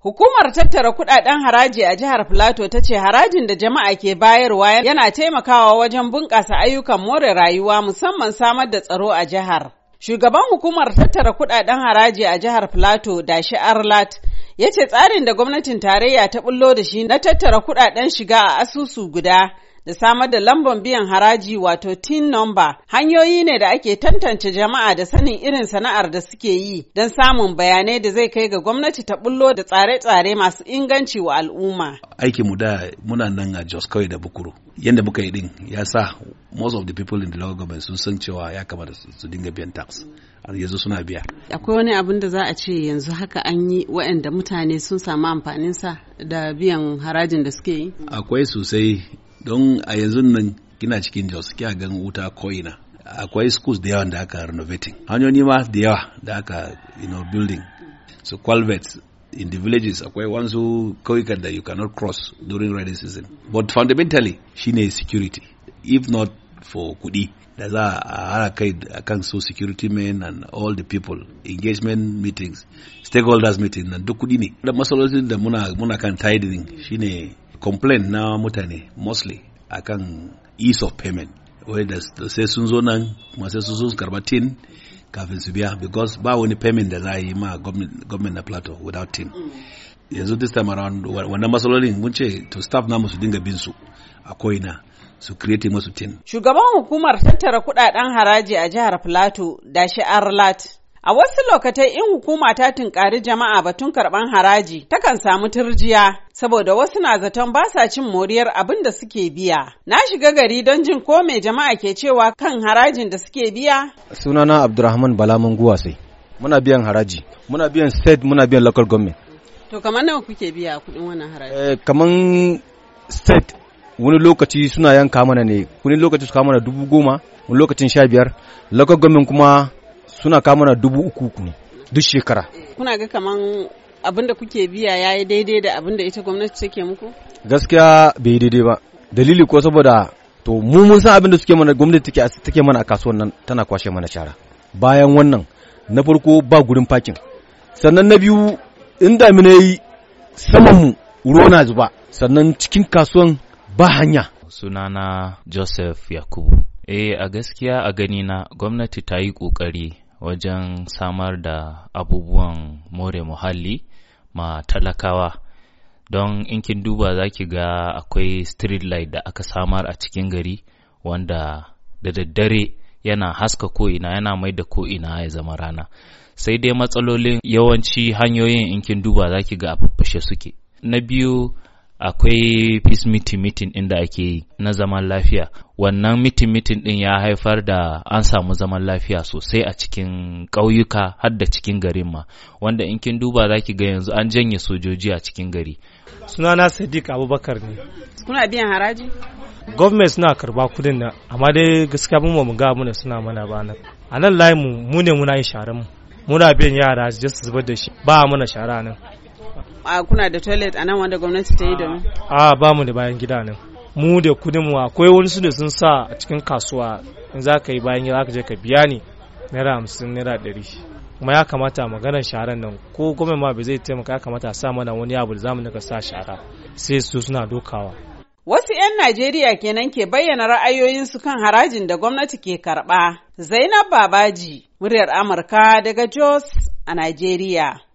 Hukumar tattara kudaden haraji a jihar Filato ta ce harajin da jama'a ke bayarwa yana taimakawa wajen bunƙasa ayyukan more rayuwa musamman samar da tsaro a jihar. Shugaban hukumar tattara kudaden haraji a jihar Filato Dashi Arlat ya ce tsarin da gwamnatin tarayya ta bullo da shi na tattara kudaden shiga a asusu guda da samar da lambar biyan haraji wato tin number hanyoyi ne da ake tantance jama'a da sanin irin sana'ar da suke yi don samun bayanai da zai kai ga gwamnati ta bullo da tsare-tsare masu inganci wa al'umma. Aiki mu da muna nan a Jos kawai da Bukuru. yadda muka yi din ya sa most of the people in the local government sun san cewa ya kamata su dinga biyan tax. yanzu suna biya. Akwai wani abin da za a ce yanzu haka an yi waɗanda mutane sun samu amfaninsa da biyan harajin da suke yi? Akwai sosai don a yanzu nan kina cikin jos kya gan wuta ko'ina akwai schools da yawa da aka renovating hanyoyi ma da yawa da aka you know building so culverts in the villages akwai wansu kawika da you cannot cross during rainy season but fundamentally shine security if not for kudi da za a hana kai akan so security men and all the people engagement meetings stakeholders meeting na duk kudi ne da masalolin da muna muna kan tiding shine complaint na mutane mostly akan ease of payment wadda sai sun zo nan kuma sai sun karba tin kafin su biya because ba wani payment da za a yi ma government na plateau without tin yanzu this time around wannan matsalolin mun ce to staff na su dinga bin su a koina su create masu tin shugaban hukumar tattara kudaden haraji a jihar plateau da shi arlat A wasu lokatai in hukuma ta tunkari jama'a batun karban haraji takan samu turjiya saboda wasu na zaton ba sa cin moriyar abin da suke biya. Na shiga gari don jin ko mai jama'a ke cewa kan harajin da suke biya. Sunana Abdulrahman Balamun Guwasai. Muna biyan haraji, muna biyan state, muna biyan local government. To kamar nawa kuke biya kuɗin wannan haraji? Eh, kamar state wani lokaci suna yanka mana ne, wani lokaci su kama mana dubu goma, wani lokacin sha biyar, local government kuma suna kawo mana dubu uku kuma duk shekara kuna ga kaman abin da kuke biya ya yi daidai da abin da ita gwamnati take muku gaskiya bai daidai ba dalili ko saboda to mu mun san abin da suke mana gwamnati mana a kasuwan nan tana kwashe mana shara bayan wannan na farko ba gurin fakin sannan na biyu in damina yi saman mu ruwa na zuba sannan cikin kasuwan ba hanya sunana Joseph Yakubu eh a gaskiya a gani na gwamnati ta yi kokari wajen samar da abubuwan more muhalli ma talakawa don in kin duba za ki ga akwai street light da aka samar a cikin gari wanda da daddare yana haska ko'ina yana mai da ko'ina ya zama rana sai dai matsalolin yawanci hanyoyin in kin duba za ki ga a suke na biyu akwai peace meeting meeting ɗin da ake yi na zaman lafiya wannan meeting meeting ɗin ya haifar da an samu zaman lafiya sosai a cikin ƙauyuka har da cikin garin ma wanda in kin duba za ki ga yanzu an janye sojoji a cikin gari sunana sadiq abubakar ne kuna biyan haraji gwamnati suna karba kudin nan amma dai gaskiya mun mu ga muna suna mana ba nan a nan layi mu ne muna yin sharan mu muna biyan yara just zubar da shi ba mana shara nan a kuna da toilet a nan wanda gwamnati ta yi domin a ba mu da bayan gida nan mu da kudin mu akwai wani su da sun sa a cikin kasuwa in za ka yi bayan gida ka je ka biya ni naira hamsin naira ɗari kuma ya kamata maganar sharan nan ko gwamnati ma bai zai taimaka ya kamata a sa mana wani abu da zamu dinga sa shara sai su suna dokawa Wasu 'yan Najeriya kenan ke bayyana ra'ayoyinsu kan harajin da gwamnati ke karɓa. Zainab Babaji, muryar Amurka daga Jos a Najeriya.